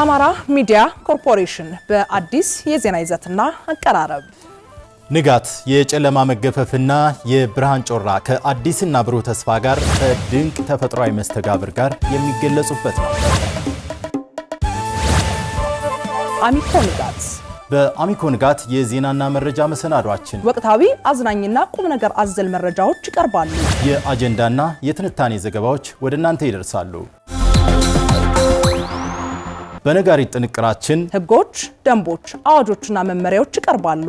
አማራ ሚዲያ ኮርፖሬሽን በአዲስ የዜና ይዘትና አቀራረብ ንጋት የጨለማ መገፈፍና የብርሃን ጮራ ከአዲስና ብሩህ ተስፋ ጋር ከድንቅ ተፈጥሯዊ መስተጋብር ጋር የሚገለጹበት ነው። አሚኮ ንጋት በአሚኮ ንጋት የዜናና መረጃ መሰናዷችን ወቅታዊ አዝናኝና ቁም ነገር አዘል መረጃዎች ይቀርባሉ። የአጀንዳና የትንታኔ ዘገባዎች ወደ እናንተ ይደርሳሉ። በነጋሪት ጥንቅራችን ህጎች፣ ደንቦች፣ አዋጆችና መመሪያዎች ይቀርባሉ።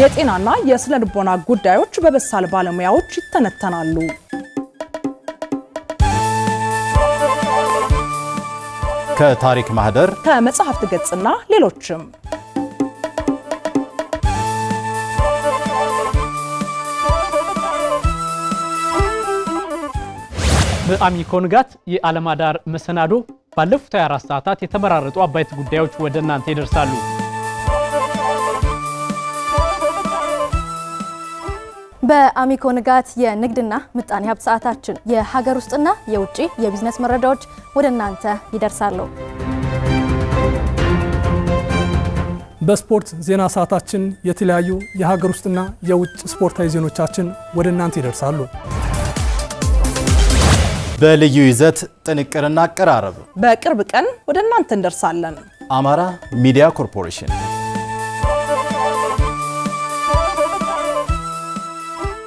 የጤናና የስነ ልቦና ጉዳዮች በበሳል ባለሙያዎች ይተነተናሉ። ከታሪክ ማህደር ከመጽሐፍት ገጽና ሌሎችም በአሚኮ ንጋት የዓለም አዳር መሰናዶ ባለፉት 24 ሰዓታት የተመራረጡ አበይት ጉዳዮች ወደ እናንተ ይደርሳሉ። በአሚኮ ንጋት የንግድና ምጣኔ ሀብት ሰዓታችን የሀገር ውስጥና የውጭ የቢዝነስ መረጃዎች ወደ እናንተ ይደርሳሉ። በስፖርት ዜና ሰዓታችን የተለያዩ የሀገር ውስጥና የውጭ ስፖርታዊ ዜኖቻችን ወደ እናንተ ይደርሳሉ። በልዩ ይዘት ጥንቅርና አቀራረብ በቅርብ ቀን ወደ እናንተ እንደርሳለን። አማራ ሚዲያ ኮርፖሬሽን